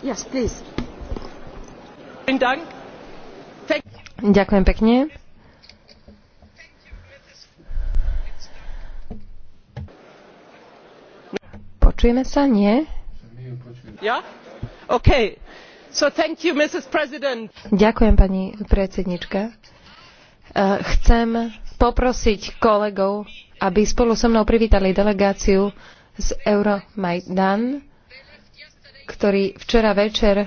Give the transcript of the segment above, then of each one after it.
Ďakujem pekne. Počujeme sa? Nie? Ďakujem, pani predsednička. E, chcem poprosiť kolegov, aby spolu so mnou privítali delegáciu z Euromajdan ktorí včera večer e,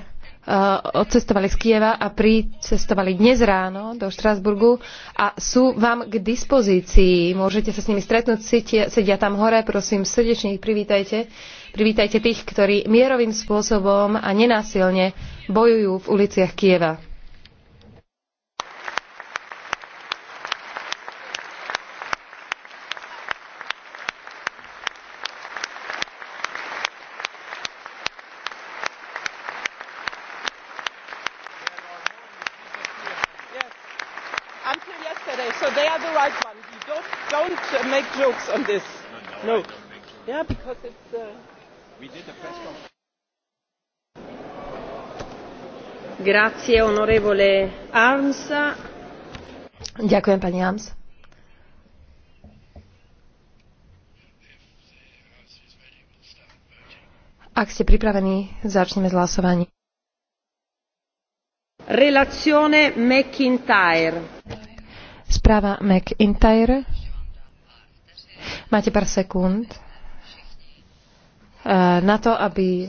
odcestovali z Kieva a pricestovali dnes ráno do Štrásburgu a sú vám k dispozícii. Môžete sa s nimi stretnúť, sedia, sedia tam hore, prosím, srdečne ich privítajte. Privítajte tých, ktorí mierovým spôsobom a nenásilne bojujú v uliciach Kieva. on this. No. no. no. Yeah, because it's. Uh... We did the press conference. Grazie, onorevole Arms. Ďakujem, pani Arms. Ak ste pripravení, začneme s hlasovaním. Relazione McIntyre. Správa McIntyre Máte pár sekúnd e, na to, aby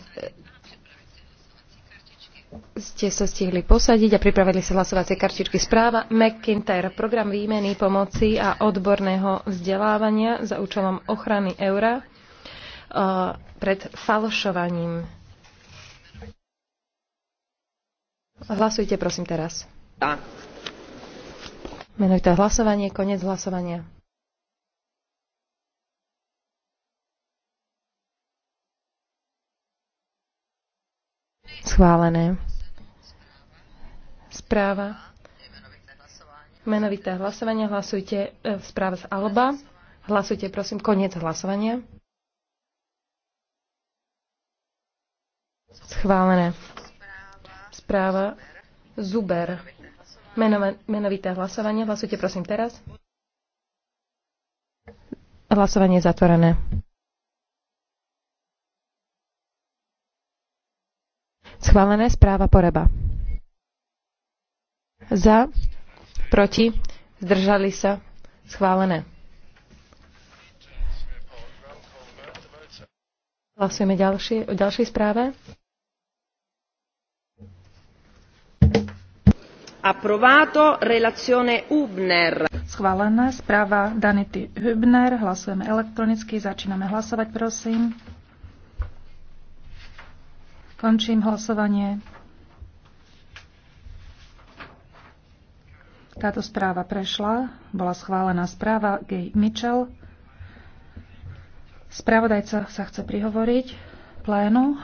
ste sa stihli posadiť a pripravili sa hlasovacie kartičky správa McIntyre, program výmeny pomoci a odborného vzdelávania za účelom ochrany eura e, pred falšovaním. Hlasujte prosím teraz. Menujte hlasovanie, koniec hlasovania. Schválené. Správa. Menovité hlasovanie. Hlasujte v e, správe z Alba. Hlasujte, prosím, koniec hlasovania. Schválené. Správa Zuber. Menovité hlasovanie. Hlasujte, prosím, teraz. Hlasovanie je zatvorené. Schválené správa Poreba. Za, proti, zdržali sa, schválené. Hlasujeme ďalšie, o ďalšej správe. Aprovato relazione Hübner. Schválená správa Danity Hübner. Hlasujeme elektronicky. Začíname hlasovať, prosím. Končím hlasovanie. Táto správa prešla. Bola schválená správa Gay Mitchell. Spravodajca sa chce prihovoriť plénu.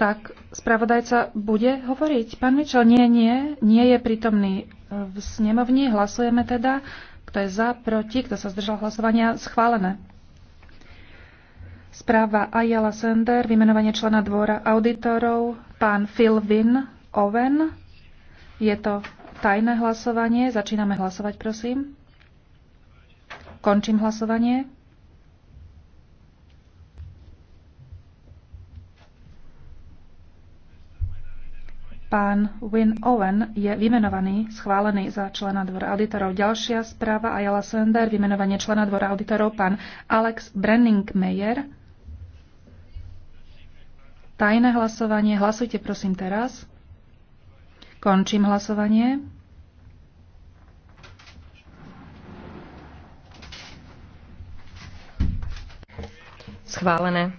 Tak, spravodajca bude hovoriť? Pán Mičel, nie, nie, nie je prítomný v snemovni. Hlasujeme teda. Kto je za, proti, kto sa zdržal hlasovania, schválené. Správa Ayala Sender, vymenovanie člena dvora auditorov, pán Phil Wynn Owen. Je to tajné hlasovanie. Začíname hlasovať, prosím. Končím hlasovanie. Pán Win Owen je vymenovaný, schválený za člena dvora auditorov. Ďalšia správa Ayala Sender, vymenovanie člena dvora auditorov, pán Alex Brenning-Meyer. Tajné hlasovanie. Hlasujte prosím teraz. Končím hlasovanie. Schválené.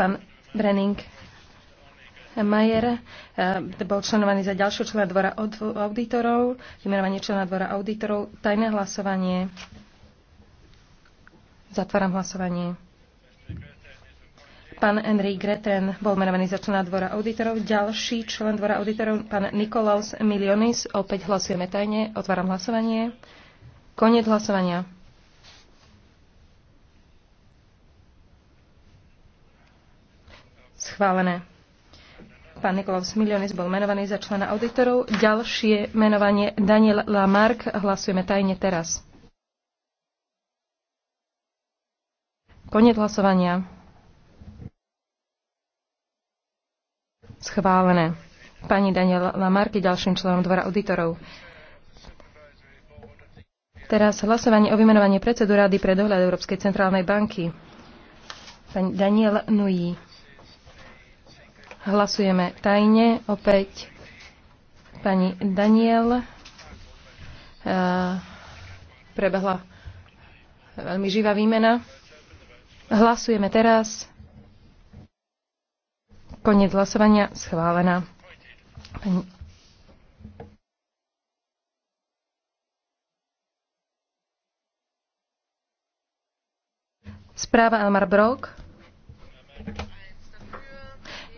Pán Brenning Majer eh, bol členovaný za ďalšieho člena dvora auditorov, vymenovanie člena dvora auditorov, tajné hlasovanie. Zatváram hlasovanie. Pán Henry Greten bol menovaný za člena dvora auditorov. Ďalší člen dvora auditorov, pán Nikolaus Milionis. Opäť hlasujeme tajne. Otváram hlasovanie. Koniec hlasovania. Schválené. Pán Nikolaus Milionis bol menovaný za člena auditorov. Ďalšie menovanie Daniel Lamarck. Hlasujeme tajne teraz. Koniec hlasovania. Schválené. Pani Daniel Lamarky ďalším členom dvora auditorov. Teraz hlasovanie o vymenovanie predsedu Rady pre dohľad Európskej centrálnej banky. Pani Daniel Nui. Hlasujeme tajne. Opäť pani Daniel eh, prebehla veľmi živá výmena. Hlasujeme teraz. Koniec hlasovania schválená. Pani... Správa Elmar Brok.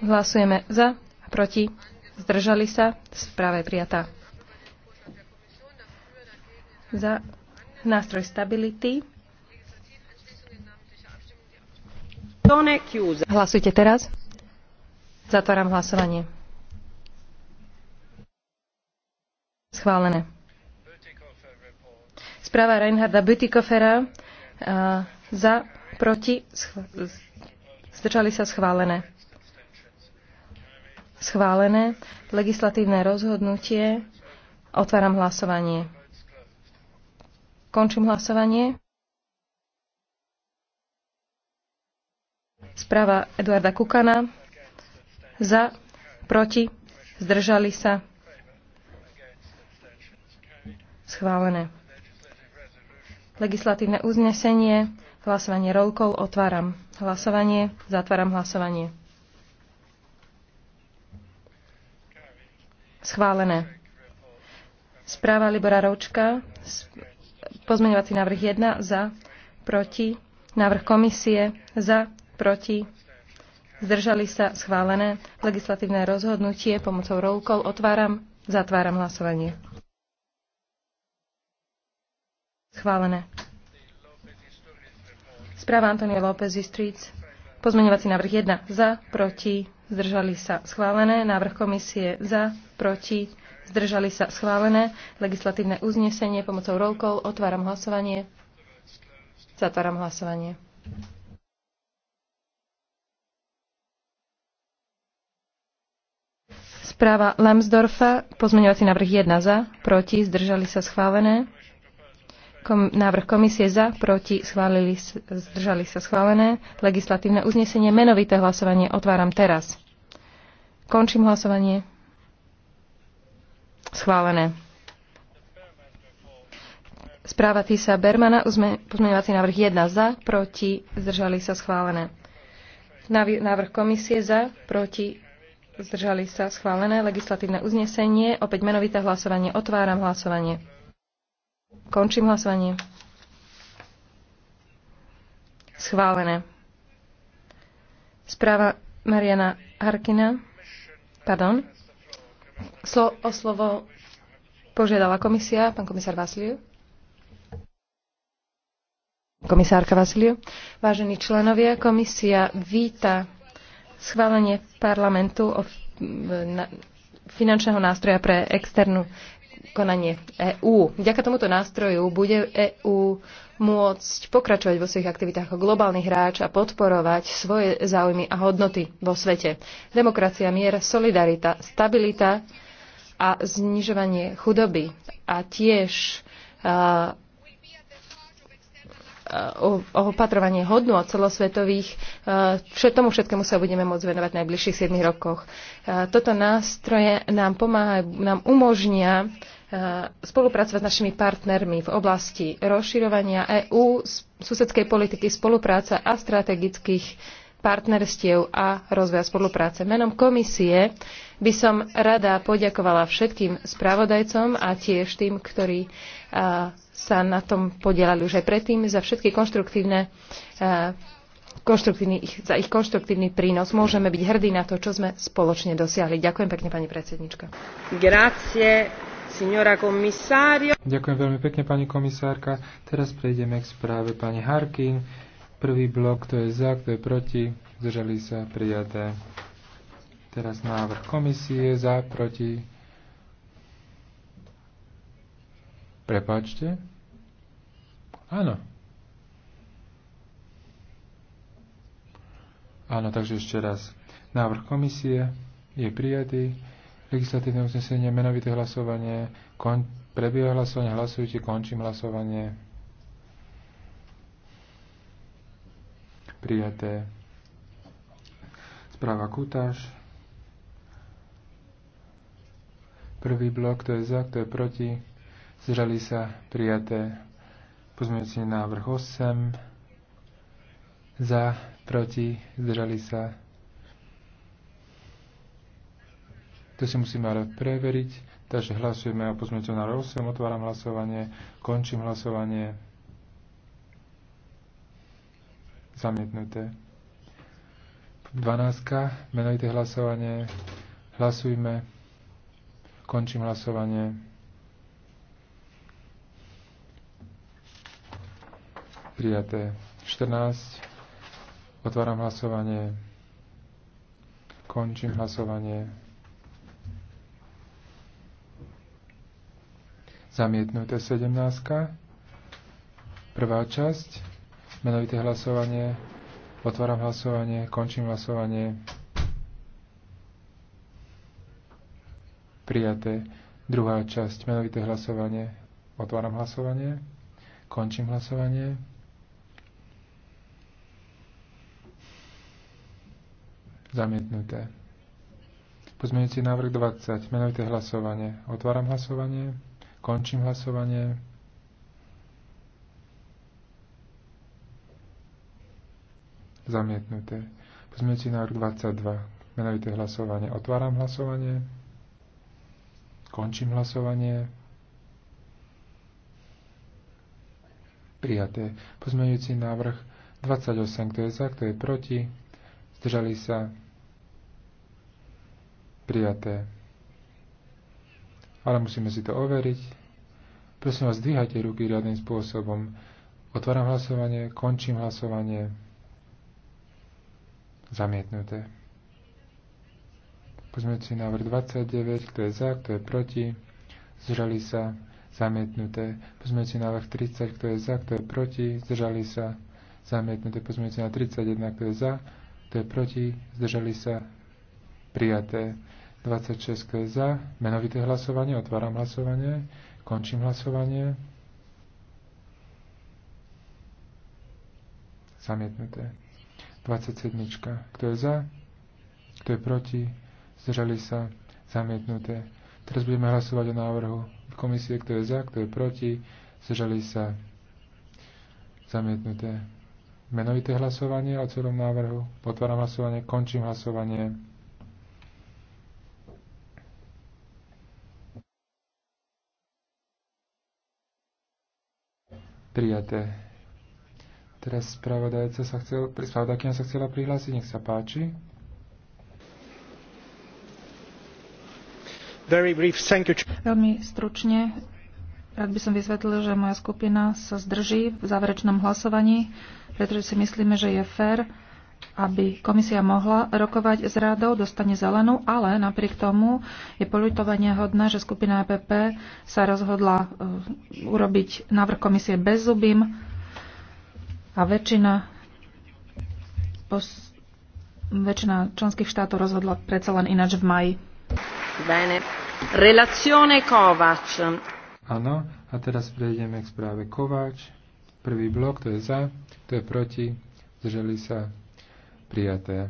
Hlasujeme za, proti, zdržali sa, správa je prijatá. Za nástroj stability. Hlasujte teraz. Zatváram hlasovanie. Schválené. Správa Reinharda Bütikofera eh, za, proti, zdržali sa schválené. Schválené. Legislatívne rozhodnutie. Otváram hlasovanie. Končím hlasovanie. Správa Eduarda Kukana. Za, proti, zdržali sa. Schválené. Legislatívne uznesenie. Hlasovanie rolkov. Otváram hlasovanie. Zatváram hlasovanie. Schválené. Správa Libora Ročka, Pozmeňovací návrh 1 za, proti. Návrh komisie za, proti. Zdržali sa schválené legislatívne rozhodnutie pomocou rollkov. Otváram, zatváram hlasovanie. Schválené. Správa Antonia López Streets. Pozmeňovací návrh 1 za, proti, zdržali sa schválené. Návrh komisie za, proti, zdržali sa schválené. Legislatívne uznesenie pomocou roll call. Otváram hlasovanie. Zatváram hlasovanie. Správa Lambsdorfa, pozmeňovací návrh 1 za, proti, zdržali sa schválené. Kom, návrh komisie za, proti, schválili, zdržali sa schválené. Legislatívne uznesenie, menovité hlasovanie otváram teraz. Končím hlasovanie. Schválené. Správa Tisa Bermana, pozmeňovací návrh 1 za, proti, zdržali sa schválené. Návrh komisie za, proti, zdržali sa schválené. Legislatívne uznesenie, opäť menovité hlasovanie. Otváram hlasovanie. Končím hlasovanie. Schválené. Správa Mariana Harkina. Pardon. Slo- o slovo požiadala komisia, pán komisár Vasiliu. Komisárka Vasiliu. Vážení členovia, komisia víta schválenie parlamentu o finančného nástroja pre externú konanie EÚ. Vďaka tomuto nástroju bude EÚ môcť pokračovať vo svojich aktivitách ako globálny hráč a podporovať svoje záujmy a hodnoty vo svete. Demokracia, mier, solidarita, stabilita a znižovanie chudoby a tiež uh, opatrovanie hodnot celosvetových, tomu všetkému sa budeme môcť venovať v najbližších 7 rokoch. Toto nástroje nám pomáha, nám umožnia spolupracovať s našimi partnermi v oblasti rozširovania EÚ, susedskej politiky, spolupráca a strategických partnerstiev a rozvoja spolupráce. Menom komisie by som rada poďakovala všetkým spravodajcom a tiež tým, ktorí sa na tom podielali už aj predtým, za všetky konštruktívne konštruktívny, za ich konštruktívny prínos. Môžeme byť hrdí na to, čo sme spoločne dosiahli. Ďakujem pekne, pani predsednička. Grazie, signora komisario. Ďakujem veľmi pekne, pani komisárka. Teraz prejdeme k správe pani Harkin. Prvý blok, kto je za, kto je proti, zdržali sa prijaté. Teraz návrh komisie za, proti. Prepačte. Áno. Áno, takže ešte raz. Návrh komisie je prijatý. Legislatívne uznesenie, menovité hlasovanie, kon- prebieha hlasovanie, hlasujte, končím hlasovanie. prijaté. Správa kutáž. Prvý blok, kto je za, kto je proti. Zdržali sa prijaté. Pozmeňujúci návrh 8. Za, proti, zdržali sa. To si musíme ale preveriť. Takže hlasujeme o pozmeňujúcom návrhu 8. Otváram hlasovanie. Končím hlasovanie. Zamietnuté. 12. Menovité hlasovanie. Hlasujme. Končím hlasovanie. Prijaté. 14. Otváram hlasovanie. Končím hlasovanie. Zamietnuté 17. Prvá časť. Menovité hlasovanie. Otváram hlasovanie. Končím hlasovanie. Prijaté. Druhá časť. Menovité hlasovanie. Otváram hlasovanie. Končím hlasovanie. Zamietnuté. Pozmeňujúci návrh 20. Menovité hlasovanie. Otváram hlasovanie. Končím hlasovanie. Zamietnuté. Pozmeňujúci návrh 22. Menovité hlasovanie. Otváram hlasovanie. Končím hlasovanie. Prijaté. Pozmeňujúci návrh 28. Kto je za, kto je proti? Zdržali sa? Prijaté. Ale musíme si to overiť. Prosím vás, zdvíhajte ruky riadnym spôsobom. Otváram hlasovanie, končím hlasovanie. Zamietnuté. Pozmeňujúci návrh 29, kto je za, kto je proti, zdržali sa, zamietnuté. Pozmeňujúci návrh 30, kto je za, kto je proti, zdržali sa, zamietnuté. Pozmeňujúci návrh 31, kto je za, kto je proti, zdržali sa, prijaté. 26, kto je za, menovité hlasovanie, otváram hlasovanie, končím hlasovanie. Zamietnuté. 27. Kto je za? Kto je proti? Zdržali sa? Zamietnuté. Teraz budeme hlasovať o návrhu komisie, kto je za, kto je proti. Zdržali sa? Zamietnuté. Menovité hlasovanie o celom návrhu. Otváram hlasovanie, končím hlasovanie. Prijaté. Teraz spravodajca sa chcel, spravodajkina sa chcela prihlásiť, nech sa páči. Very brief, thank you. Veľmi stručne, rád by som vysvetlil, že moja skupina sa zdrží v záverečnom hlasovaní, pretože si myslíme, že je fér, aby komisia mohla rokovať s radou, dostane zelenú, ale napriek tomu je poľutovanie hodné, že skupina EPP sa rozhodla e, urobiť návrh komisie bez zubím, a väčšina, pos, väčšina členských štátov rozhodla predsa len ináč v maji. Bene. Relazione Kovač. Áno, a teraz prejdeme k správe Kováč. Prvý blok, to je za, to je proti, zdržali sa prijaté.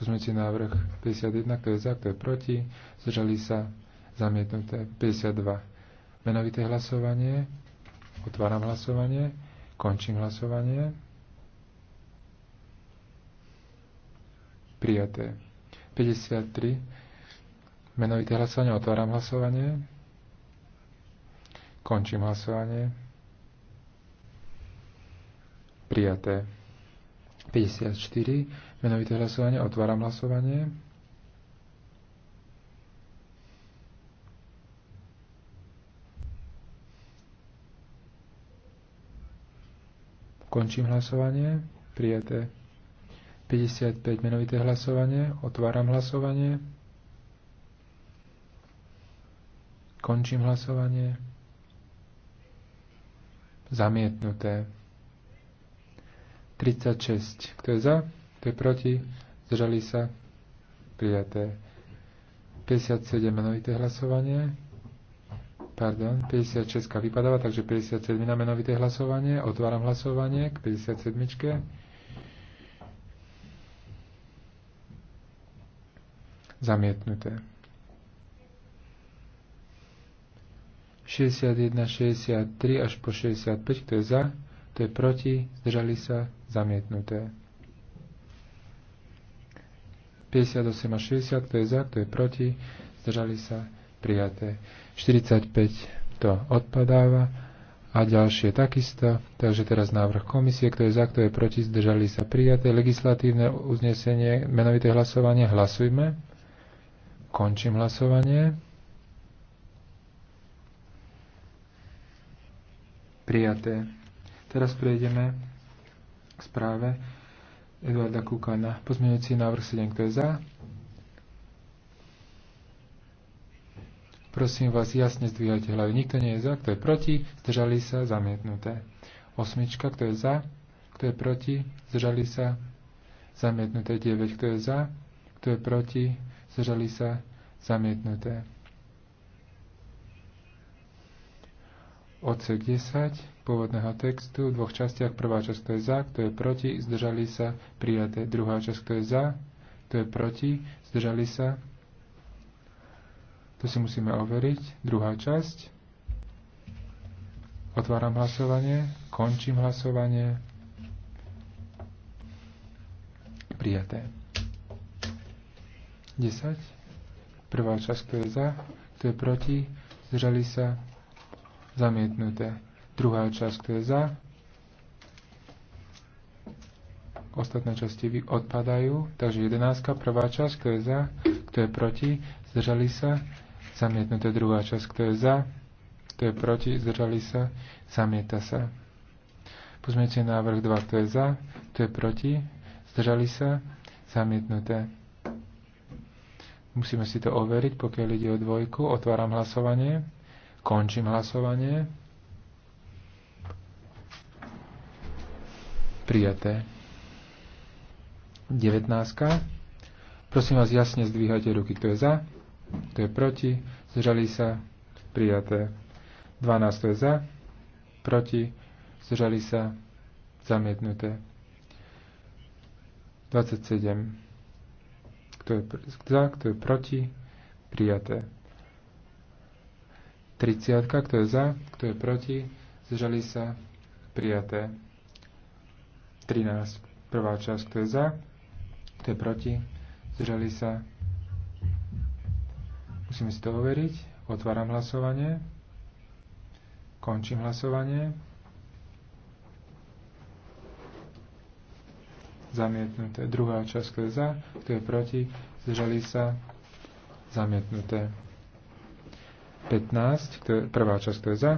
si návrh 51, kto je za, kto je proti, zdržali sa zamietnuté 52. Menovité hlasovanie, otváram hlasovanie. Končím hlasovanie. Prijaté. 53. Menovité hlasovanie. Otváram hlasovanie. Končím hlasovanie. Prijaté. 54. Menovité hlasovanie. Otváram hlasovanie. Končím hlasovanie. Prijaté. 55 menovité hlasovanie. Otváram hlasovanie. Končím hlasovanie. Zamietnuté. 36. Kto je za? Kto je proti? Zdržali sa? Prijaté. 57 menovité hlasovanie. Pardon, 56 vypadáva, takže 57 na menovité hlasovanie. Otváram hlasovanie k 57. Zamietnuté. 61, 63 až po 65, kto je za, kto je proti, zdržali sa, zamietnuté. 58 a 60, kto je za, kto je proti, zdržali sa, prijaté. 45 to odpadáva a ďalšie takisto. Takže teraz návrh komisie, kto je za, kto je proti, zdržali sa prijaté. Legislatívne uznesenie, menovité hlasovanie, hlasujme. Končím hlasovanie. Prijaté. Teraz prejdeme k správe Eduarda Kukana. Pozmeňujúci návrh 7, kto je za, Prosím vás, jasne zdvíhajte hlavy. Nikto nie je za, kto je proti, zdržali sa, zamietnuté. Osmička, kto je za, kto je proti, zdržali sa, zamietnuté. Deveť, kto je za, kto je proti, zdržali sa, zamietnuté. Odsek 10 pôvodného textu v dvoch častiach. Prvá časť, kto je za, kto je proti, zdržali sa, prijaté. Druhá časť, kto je za, kto je proti, zdržali sa, to si musíme overiť. Druhá časť. Otváram hlasovanie. Končím hlasovanie. Prijaté. 10. Prvá časť, kto je za, kto je proti, zdržali sa, zamietnuté. Druhá časť, kto je za, ostatné časti odpadajú, takže 11. prvá časť, kto je za, kto je proti, zdržali sa, Zamietnuté druhá časť, kto je za, kto je proti, zdržali sa, zamieta sa. Pozmiete návrh 2, kto je za, kto je proti, zdržali sa, zamietnuté. Musíme si to overiť, pokiaľ ide o dvojku. Otváram hlasovanie. Končím hlasovanie. Prijaté. 19. Prosím vás, jasne zdvíhajte ruky, kto je za, kto je proti? Zdržali sa? Prijaté. 12. To je za? Proti? Zdržali sa? Zamietnuté. 27. Kto je za? Kto je proti? Prijaté. 30. Kto je za? Kto je proti? Zdržali sa? Prijaté. 13. Prvá časť. Kto je za? Kto je proti? Zdržali sa? Musíme si to overiť. Otváram hlasovanie. Končím hlasovanie. Zamietnuté. Druhá časť, kto je za, kto je proti, zdržali sa. Zamietnuté. 15, kto je, prvá časť, kto je za,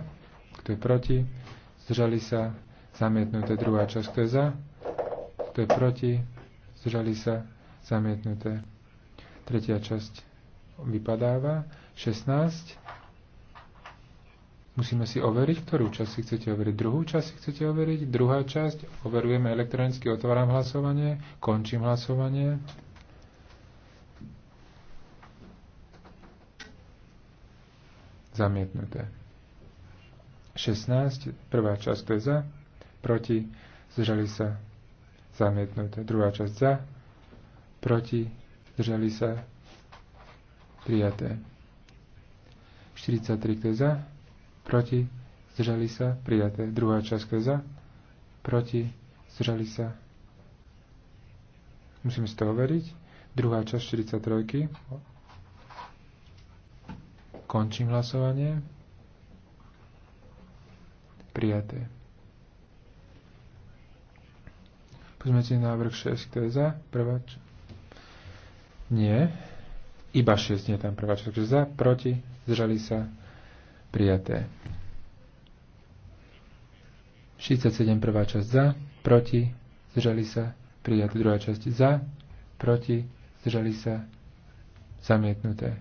kto je proti, zdržali sa. Zamietnuté. Druhá časť, kto je za, kto je proti, zdržali sa. Zamietnuté. Tretia časť, vypadáva. 16. Musíme si overiť, ktorú časť si chcete overiť. Druhú časť si chcete overiť. Druhá časť. Overujeme elektronicky, otváram hlasovanie, končím hlasovanie. Zamietnuté. 16. Prvá časť, to je za. Proti. Zdržali sa. Zamietnuté. Druhá časť za. Proti. Zdržali sa prijaté. 43, kto je za, proti, zdržali sa, prijaté. Druhá časť, kto je za, proti, zdržali sa. Musíme si to overiť. Druhá časť 43. Končím hlasovanie. Prijaté. si návrh 6, kto je za? Prvá Nie. Iba 6 je tam prvá časť. Takže za, proti, zdržali sa, prijaté. 67 prvá časť za, proti, zdržali sa, prijaté. Druhá časť za, proti, zdržali sa, zamietnuté.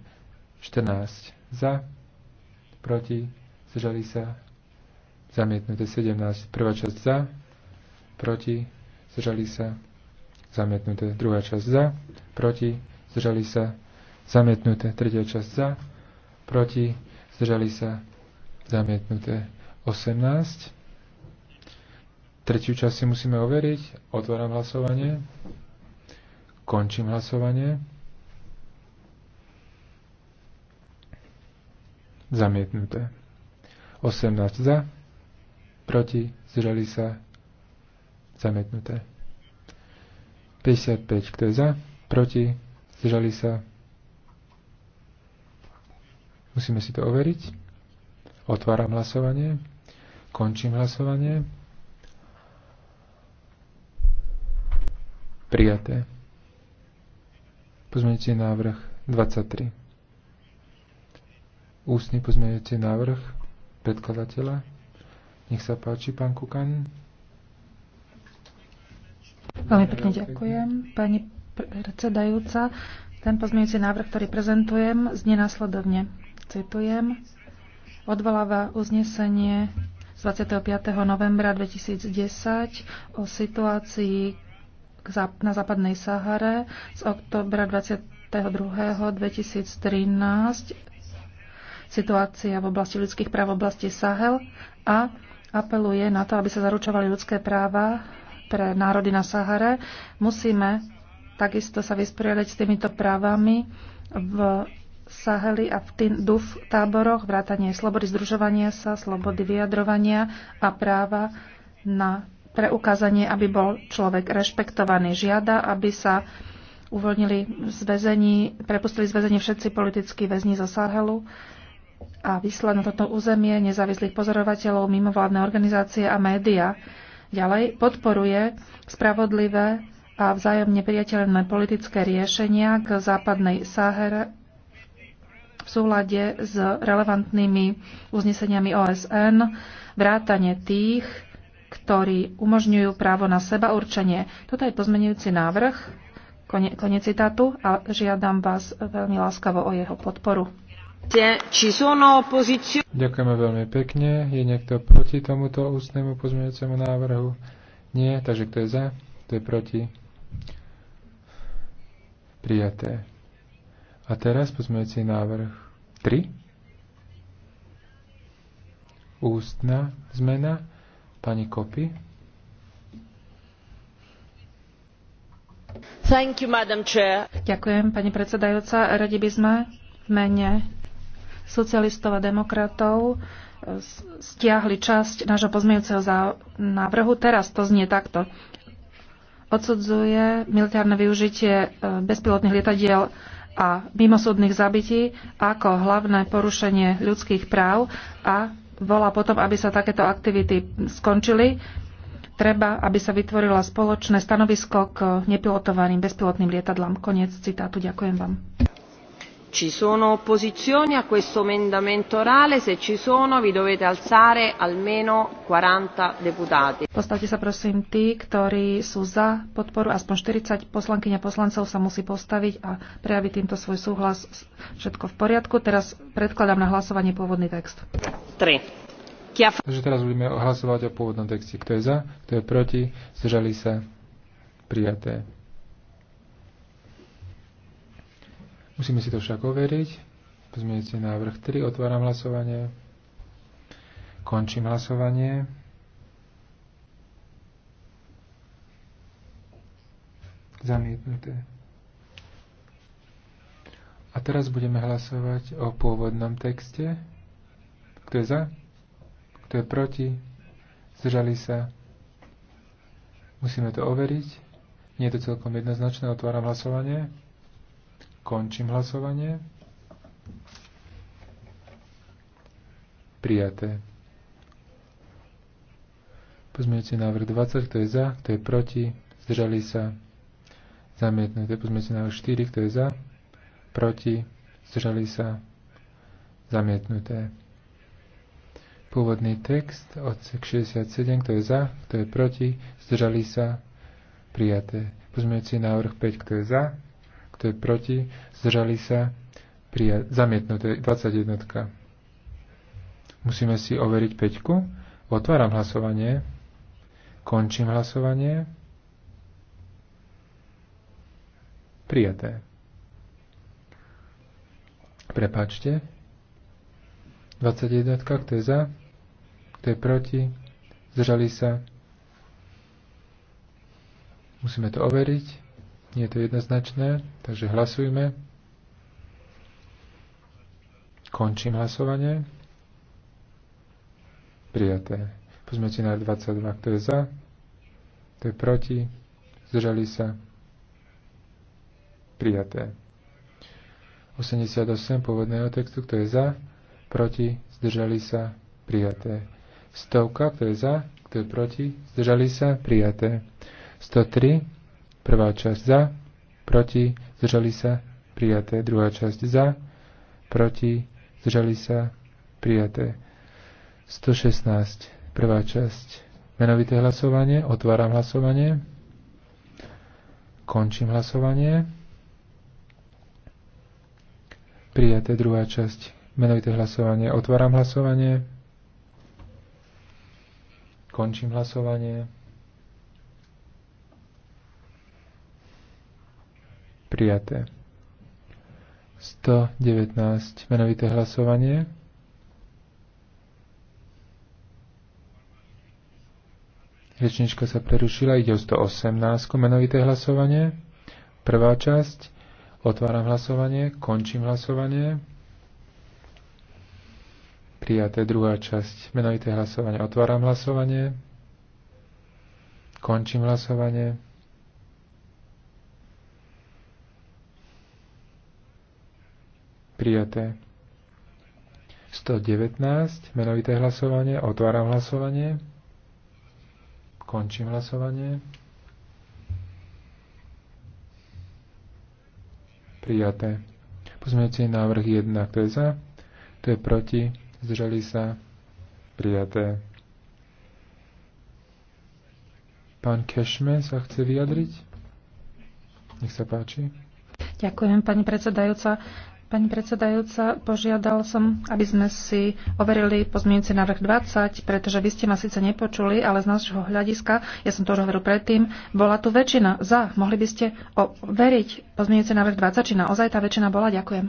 14 za, proti, zdržali sa, zamietnuté. 17 prvá časť za, proti, zdržali sa, zamietnuté. Druhá časť za, proti, zdržali sa, zamietnuté. Tretia časť za, proti, zdržali sa, zamietnuté. 18. Tretiu časť si musíme overiť. Otváram hlasovanie. Končím hlasovanie. Zamietnuté. 18 za, proti, zdržali sa, zamietnuté. 55, kto je za, proti, zdržali sa, Musíme si to overiť. Otváram hlasovanie. Končím hlasovanie. Prijaté. Pozmeňujúci návrh 23. Ústny pozmeňujúci návrh predkladateľa. Nech sa páči, pán Kukan. Veľmi pekne ďakujem, pani predsedajúca. Ten pozmeňujúci návrh, ktorý prezentujem, znie následovne Citujem. Odvoláva uznesenie z 25. novembra 2010 o situácii na západnej Sahare z oktobra 22. 2013 situácia v oblasti ľudských práv v oblasti Sahel a apeluje na to, aby sa zaručovali ľudské práva pre národy na Sahare. Musíme takisto sa vysporiadať s týmito právami v Saheli a v tým DUF táboroch, vrátanie slobody združovania sa, slobody vyjadrovania a práva na preukázanie, aby bol človek rešpektovaný. Žiada, aby sa uvoľnili z väzení, prepustili z väzení všetci politickí väzni zo Sahelu a vyslať na toto územie nezávislých pozorovateľov, mimovládne organizácie a média. Ďalej podporuje spravodlivé a vzájomne priateľné politické riešenia k západnej Sahere v súlade s relevantnými uzneseniami OSN, vrátane tých, ktorí umožňujú právo na seba určenie. Toto je pozmenujúci návrh, koniec citátu, a žiadam vás veľmi láskavo o jeho podporu. Ďakujeme veľmi pekne. Je niekto proti tomuto ústnemu pozmeňujúcemu návrhu? Nie, takže kto je za, kto je proti? Prijaté. A teraz pozmeňujúci návrh 3. Ústna zmena. Pani Kopy. Thank you, Madam Chair. Ďakujem, pani predsedajúca. Radi by sme v mene socialistov a demokratov e, stiahli časť nášho pozmeňujúceho návrhu. Teraz to znie takto. Odsudzuje militárne využitie e, bezpilotných lietadiel a mimosúdnych zabití ako hlavné porušenie ľudských práv a volá potom, aby sa takéto aktivity skončili. Treba, aby sa vytvorila spoločné stanovisko k nepilotovaným bezpilotným lietadlám. Koniec citátu. Ďakujem vám. Ci sono opposizioni a questo emendamento orale? Se ci sono vi dovete alzare almeno 40 deputati. Postavte sa prosím tí, ktorí sú za podporu, aspoň 40 poslankyň a poslancov sa musí postaviť a prejaviť týmto svoj súhlas. Všetko v poriadku. Teraz predkladám na hlasovanie pôvodný text. 3. Takže teraz budeme hlasovať o pôvodnom texte. Kto je za, kto je proti, zdržali sa, prijaté. Musíme si to však overiť. Pozmiete návrh 3. Otváram hlasovanie. Končím hlasovanie. Zamietnuté. A teraz budeme hlasovať o pôvodnom texte. Kto je za? Kto je proti? Zdržali sa? Musíme to overiť. Nie je to celkom jednoznačné. Otváram hlasovanie. Končím hlasovanie. Prijaté. Pozmiete návrh 20, kto je za, kto je proti, zdržali sa. Zamietnuté. Pozmiete návrh 4, kto je za, proti, zdržali sa. Zamietnuté. Pôvodný text, odsek 67, kto je za, kto je proti, zdržali sa. Prijaté. Pozmiete návrh 5, kto je za, kto je proti? Zdržali sa? Prija- zamietnuté 21. Musíme si overiť 5. Otváram hlasovanie. Končím hlasovanie. Prijaté. Prepačte. 21. Kto je za? Kto je proti? Zdržali sa? Musíme to overiť. Nie je to jednoznačné, takže hlasujme. Končím hlasovanie. Prijaté. si na 22, kto je za, kto je proti, zdržali sa. Prijaté. 88 pôvodného textu, kto je za, proti, zdržali sa, prijaté. Stovka, kto je za, kto je proti, zdržali sa, prijaté. 103 Prvá časť za, proti, zdržali sa, prijaté. Druhá časť za, proti, zdržali sa, prijaté. 116. Prvá časť. Menovité hlasovanie. Otváram hlasovanie. Končím hlasovanie. Prijaté druhá časť. Menovité hlasovanie. Otváram hlasovanie. Končím hlasovanie. prijaté. 119 menovité hlasovanie. Rečnička sa prerušila, ide o 118 menovité hlasovanie. Prvá časť. Otváram hlasovanie, končím hlasovanie. Prijaté druhá časť. Menovité hlasovanie. Otváram hlasovanie. Končím hlasovanie. Prijaté. 119, menovité hlasovanie, otváram hlasovanie, končím hlasovanie. Prijaté. Pozmeňujúci návrh 1, kto je za, kto je proti, zdržali sa, prijaté. Pán Kešme sa chce vyjadriť? Nech sa páči. Ďakujem, pani predsedajúca. Pani predsedajúca, požiadal som, aby sme si overili pozmienujúci návrh 20, pretože vy ste ma síce nepočuli, ale z nášho hľadiska, ja som to už hovoril predtým, bola tu väčšina za. Mohli by ste overiť pozmienujúci návrh 20, či naozaj tá väčšina bola? Ďakujem.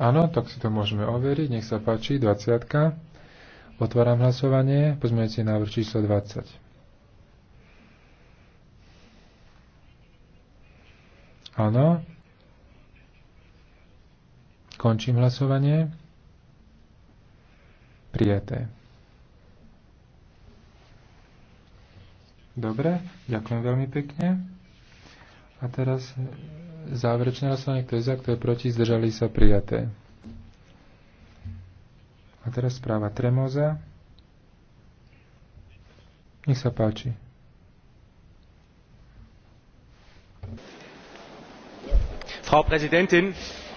Áno, tak si to môžeme overiť. Nech sa páči, 20. Otváram hlasovanie. Pozmienujúci návrh číslo 20. Áno. Končím hlasovanie. Prijaté. Dobre, ďakujem veľmi pekne. A teraz záverečné hlasovanie, kto je za, kto je proti, zdržali sa prijaté. A teraz správa Tremoza. Nech sa páči. Frau Präsidentin,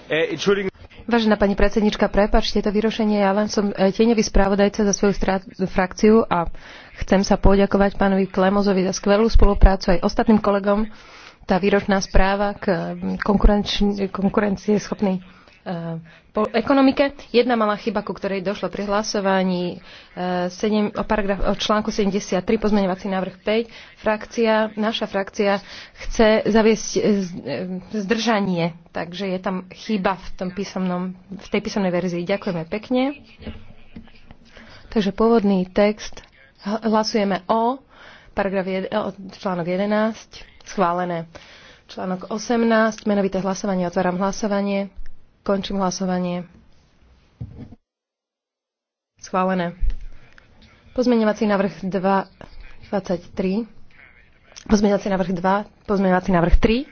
äh, Vážená pani predsedníčka prepáčte to vyrošenie, ja len som e, tieňový spravodajca za svoju frakciu a chcem sa poďakovať pánovi Klemozovi za skvelú spoluprácu aj ostatným kolegom. Tá výročná správa k e, konkurencieschopnej Eh, po ekonomike. Jedna malá chyba, ku ktorej došlo pri hlasovaní 7, eh, o, paragraf, o článku 73, pozmeňovací návrh 5, frakcia, naša frakcia chce zaviesť eh, zdržanie, takže je tam chyba v, tom písomnom, v tej písomnej verzii. Ďakujeme pekne. Takže pôvodný text hlasujeme o paragraf o, článok 11, schválené. Článok 18, menovité hlasovanie, otváram hlasovanie. Končím hlasovanie. Schválené. Pozmeňovací návrh 2, 23. Pozmeňovací návrh 2, pozmeňovací návrh 3.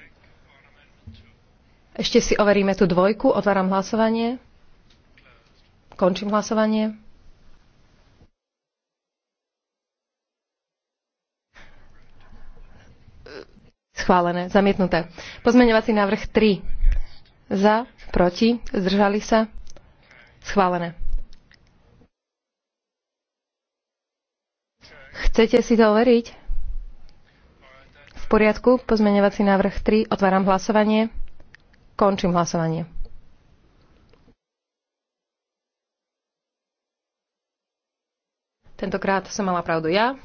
Ešte si overíme tú dvojku. Otváram hlasovanie. Končím hlasovanie. Schválené. Zamietnuté. Pozmeňovací návrh 3. Za, proti, zdržali sa. Schválené. Chcete si to overiť? V poriadku, pozmeňovací návrh 3, otváram hlasovanie. Končím hlasovanie. Tentokrát som mala pravdu ja.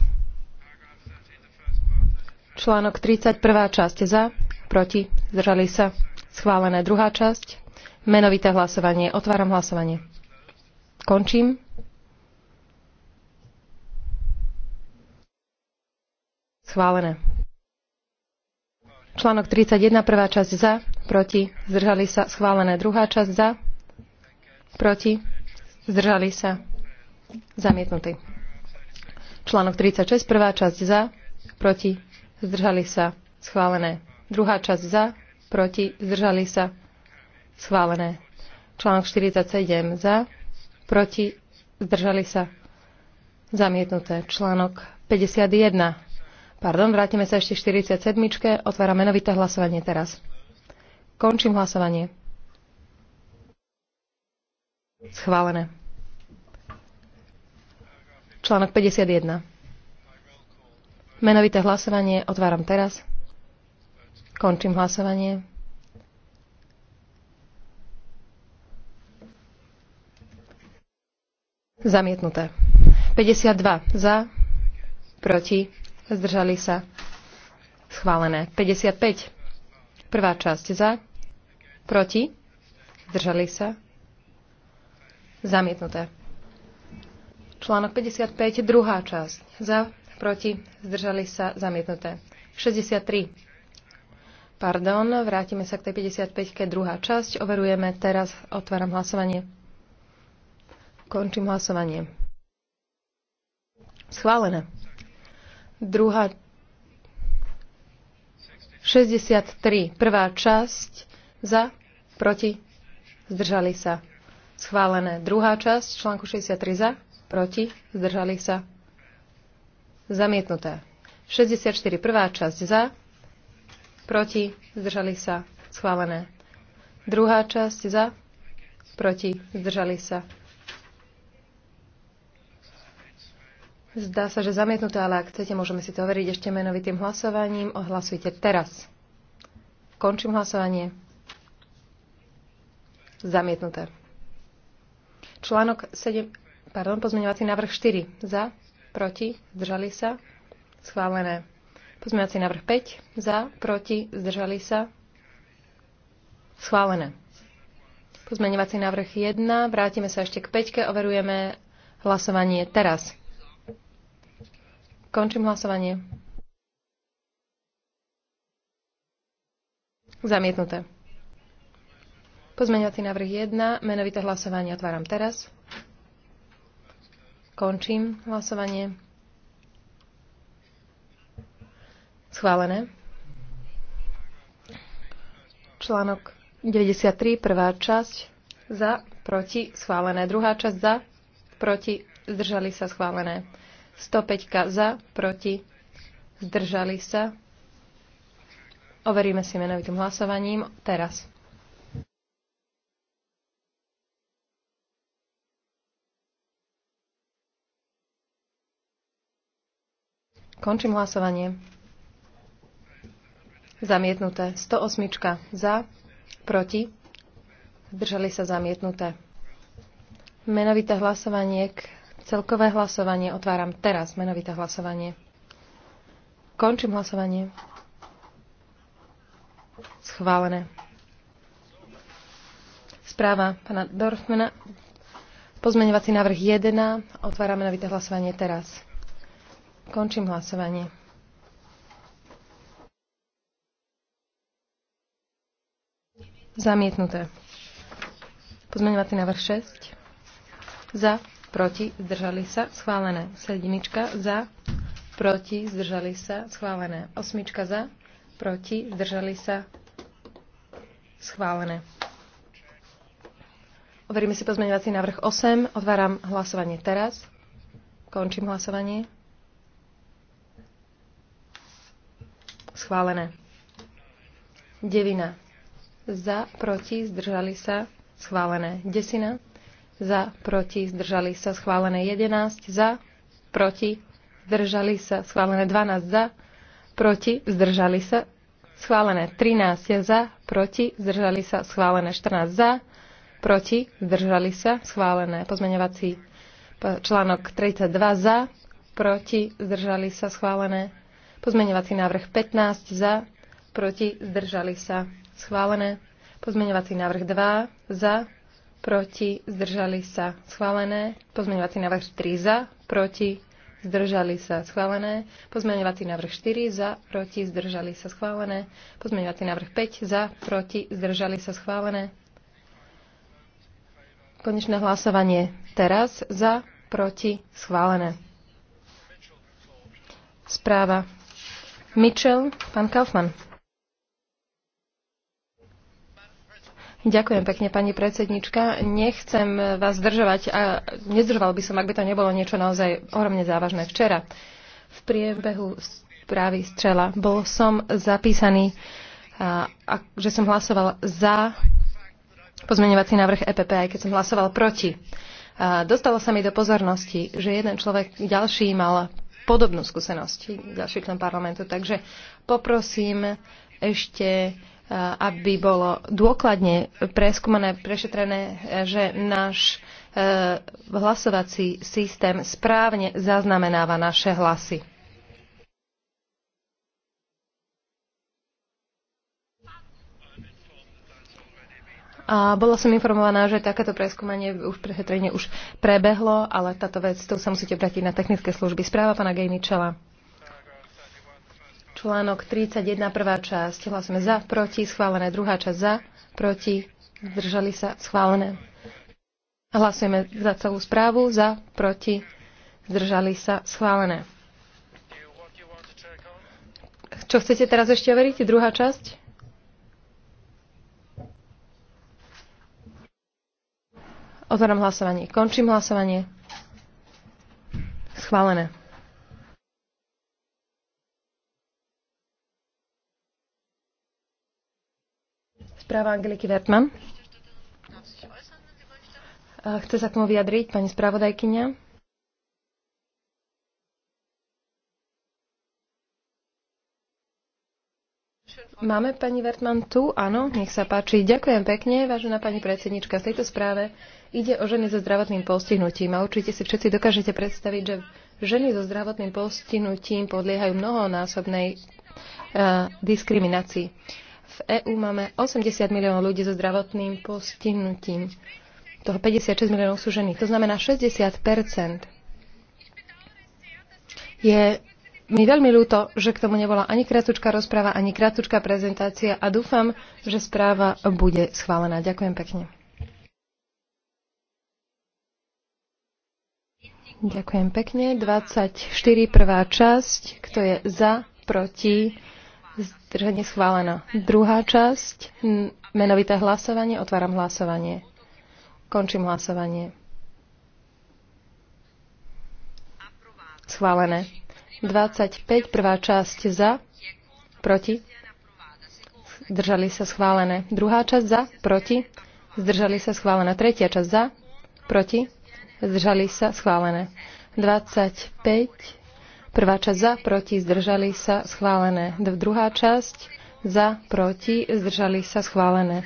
Článok 31. prvá časť za, proti, zdržali sa, Schválené druhá časť. Menovité hlasovanie. Otváram hlasovanie. Končím. Schválené. Článok 31, prvá časť za, proti, zdržali sa, schválené. Druhá časť za, proti, zdržali sa, zamietnutý. Článok 36, prvá časť za, proti, zdržali sa, schválené. Druhá časť za, proti, zdržali sa, schválené. Článok 47 za, proti, zdržali sa, zamietnuté. Článok 51. Pardon, vrátime sa ešte 47. Otváram menovité hlasovanie teraz. Končím hlasovanie. Schválené. Článok 51. Menovité hlasovanie otváram teraz. Končím hlasovanie. Zamietnuté. 52 za, proti, zdržali sa. Schválené. 55. Prvá časť za, proti, zdržali sa. Zamietnuté. Článok 55, druhá časť. Za, proti, zdržali sa, zamietnuté. 63. Pardon, vrátime sa k tej 55-ke, druhá časť. Overujeme teraz, otváram hlasovanie. Končím hlasovanie. Schválené. Druhá 63. Prvá časť za, proti, zdržali sa. Schválené. Druhá časť článku 63 za, proti, zdržali sa. Zamietnuté. 64. Prvá časť za, proti, zdržali sa, schválené. Druhá časť za, proti, zdržali sa. Zdá sa, že zamietnuté, ale ak chcete, môžeme si to overiť ešte menovitým hlasovaním. Ohlasujte teraz. Končím hlasovanie. Zamietnuté. Článok 7, pardon, pozmeňovací návrh 4. Za, proti, zdržali sa, schválené. Pozmeňovací návrh 5. Za, proti, zdržali sa. Schválené. Pozmeňovací návrh 1. Vrátime sa ešte k 5. Overujeme hlasovanie teraz. Končím hlasovanie. Zamietnuté. Pozmeňovací návrh 1. Menovité hlasovanie otváram teraz. Končím hlasovanie. Schválené. Článok 93, prvá časť za, proti, schválené. Druhá časť za, proti, zdržali sa schválené. 105 za, proti, zdržali sa. Overíme si menovitým hlasovaním teraz. Končím hlasovanie. Zamietnuté. 108 za, proti, držali sa zamietnuté. Menovité hlasovanie, celkové hlasovanie otváram teraz, menovité hlasovanie. Končím hlasovanie. Schválené. Správa pana Dorfmana. Pozmeňovací návrh 1. Otváram menovité hlasovanie teraz. Končím hlasovanie. Zamietnuté. Pozmeňovací návrh 6. Za, proti, zdržali sa, schválené. Sedinička za, proti, zdržali sa, schválené. Osmička za, proti, zdržali sa, schválené. Overíme si pozmeňovací návrh 8. Otváram hlasovanie teraz. Končím hlasovanie. Schválené. Devina za, proti, zdržali sa, schválené. Desina, za, proti, zdržali sa, schválené. 11, za, proti, zdržali sa, schválené. 12, za, proti, zdržali sa, schválené. 13, za, proti, zdržali sa, schválené. 14, za, proti, zdržali sa, schválené. Pozmeňovací článok 32, za, proti, zdržali sa, schválené. Pozmeňovací návrh 15, za, proti, zdržali sa, schválené. Pozmeňovací návrh 2 za, proti, zdržali sa, schválené. Pozmeňovací návrh 3 za, proti, zdržali sa, schválené. Pozmeňovací návrh 4 za, proti, zdržali sa, schválené. Pozmeňovací návrh 5 za, proti, zdržali sa, schválené. Konečné hlasovanie teraz za, proti, schválené. Správa. Mitchell, pán Kaufmann. Ďakujem pekne, pani predsednička. Nechcem vás zdržovať a nezdržoval by som, ak by to nebolo niečo naozaj ohromne závažné. Včera v priebehu správy strela bol som zapísaný, a, a, že som hlasoval za pozmeňovací návrh EPP, aj keď som hlasoval proti. A dostalo sa mi do pozornosti, že jeden človek ďalší mal podobnú skúsenosť, ďalší člen parlamentu. Takže poprosím ešte aby bolo dôkladne preskúmané, prešetrené, že náš e, hlasovací systém správne zaznamenáva naše hlasy. A bola som informovaná, že takéto preskúmanie, už prešetrenie už prebehlo, ale táto vec, tu sa musíte vrátiť na technické služby. Správa pana Gejmičela. Článok 31, prvá časť. Hlasujeme za, proti, schválené. Druhá časť za, proti, zdržali sa, schválené. Hlasujeme za celú správu, za, proti, zdržali sa, schválené. Čo chcete teraz ešte overiť? Druhá časť? Otváram hlasovanie. Končím hlasovanie. Schválené. Správa Angeliky Wertmann. Chce sa k tomu vyjadriť pani spravodajkynia? Máme pani Vertman tu? Áno, nech sa páči. Ďakujem pekne, vážená pani predsednička. V tejto správe ide o ženy so zdravotným postihnutím a určite si všetci dokážete predstaviť, že ženy so zdravotným postihnutím podliehajú mnohonásobnej uh, diskriminácii. V EÚ máme 80 miliónov ľudí so zdravotným postihnutím. Toho 56 miliónov sú ženy. To znamená 60 Je mi veľmi ľúto, že k tomu nebola ani kratučká rozpráva, ani kratučká prezentácia a dúfam, že správa bude schválená. Ďakujem pekne. Ďakujem pekne. 24. prvá časť. Kto je za, proti? zdržanie schválená. Druhá časť, menovité hlasovanie, otváram hlasovanie. Končím hlasovanie. Schválené. 25, prvá časť za, proti. Zdržali sa schválené. Druhá časť za, proti. Zdržali sa schválené. Tretia časť za, proti. Zdržali sa schválené. 25, Prvá časť za, proti, zdržali sa, schválené. Druhá časť za, proti, zdržali sa, schválené.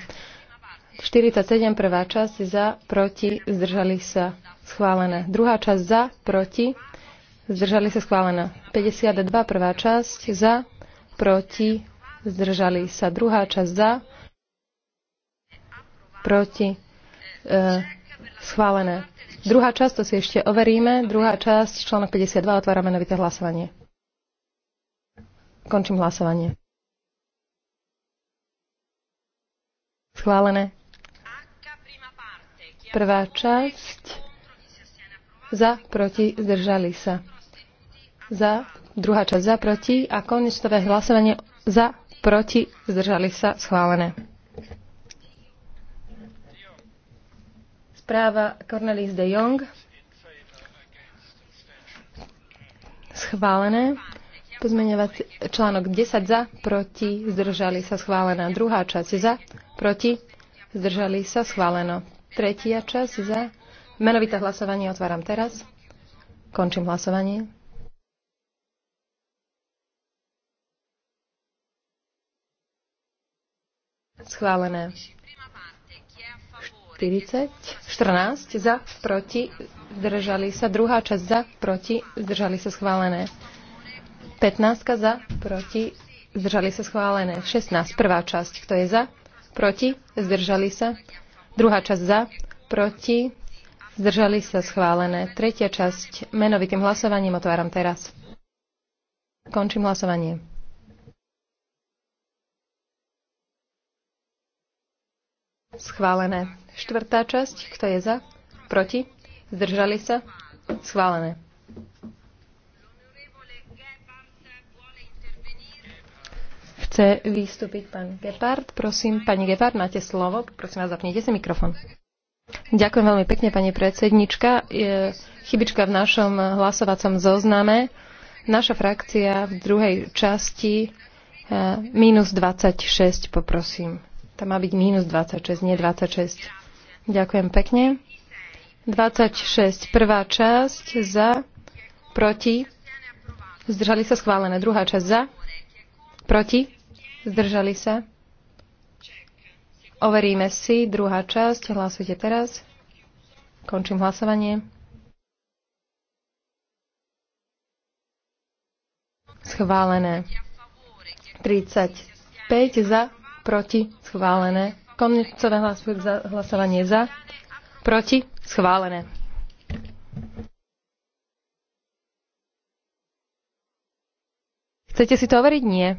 47. prvá časť za, proti, zdržali sa, schválené. Druhá časť za, proti, zdržali sa, schválené. 52. prvá časť za, proti, zdržali sa. Druhá časť za, proti, e, schválené. Druhá časť, to si ešte overíme. Druhá časť, článok 52, otvárame novité hlasovanie. Končím hlasovanie. Schválené. Prvá časť. Za, proti, zdržali sa. Za, druhá časť za, proti a konečné hlasovanie za, proti, zdržali sa, schválené. Správa Cornelis de Jong. Schválené. Pozmeňovací článok 10 za, proti, zdržali sa schválená. Druhá časť za, proti, zdržali sa schváleno. Tretia časť za, menovité hlasovanie otváram teraz. Končím hlasovanie. Schválené. 40, 14 za, proti, zdržali sa. Druhá časť za, proti, zdržali sa schválené. 15 za, proti, zdržali sa schválené. 16, prvá časť, kto je za, proti, zdržali sa. Druhá časť za, proti, zdržali sa schválené. Tretia časť, menovitým hlasovaním otváram teraz. Končím hlasovanie. Schválené. Štvrtá časť. Kto je za? Proti? Zdržali sa? Schválené. Chce vystúpiť pán Gepard. Prosím, pani Gepard, máte slovo. Prosím vás, zapnite si mikrofon. Ďakujem veľmi pekne, pani predsednička. Je chybička v našom hlasovacom zozname. Naša frakcia v druhej časti eh, minus 26, poprosím. Tam má byť minus 26, nie 26. Ďakujem pekne. 26, prvá časť za, proti, zdržali sa schválené. Druhá časť za, proti, zdržali sa. Overíme si, druhá časť, hlasujte teraz. Končím hlasovanie. Schválené. 35 za, proti, schválené. Konicové hlasovanie za, proti, schválené. Chcete si to overiť? Nie.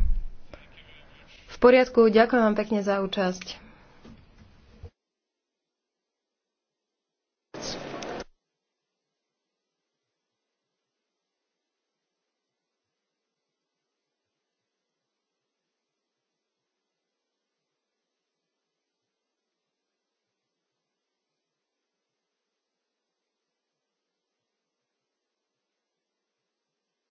V poriadku, ďakujem vám pekne za účasť.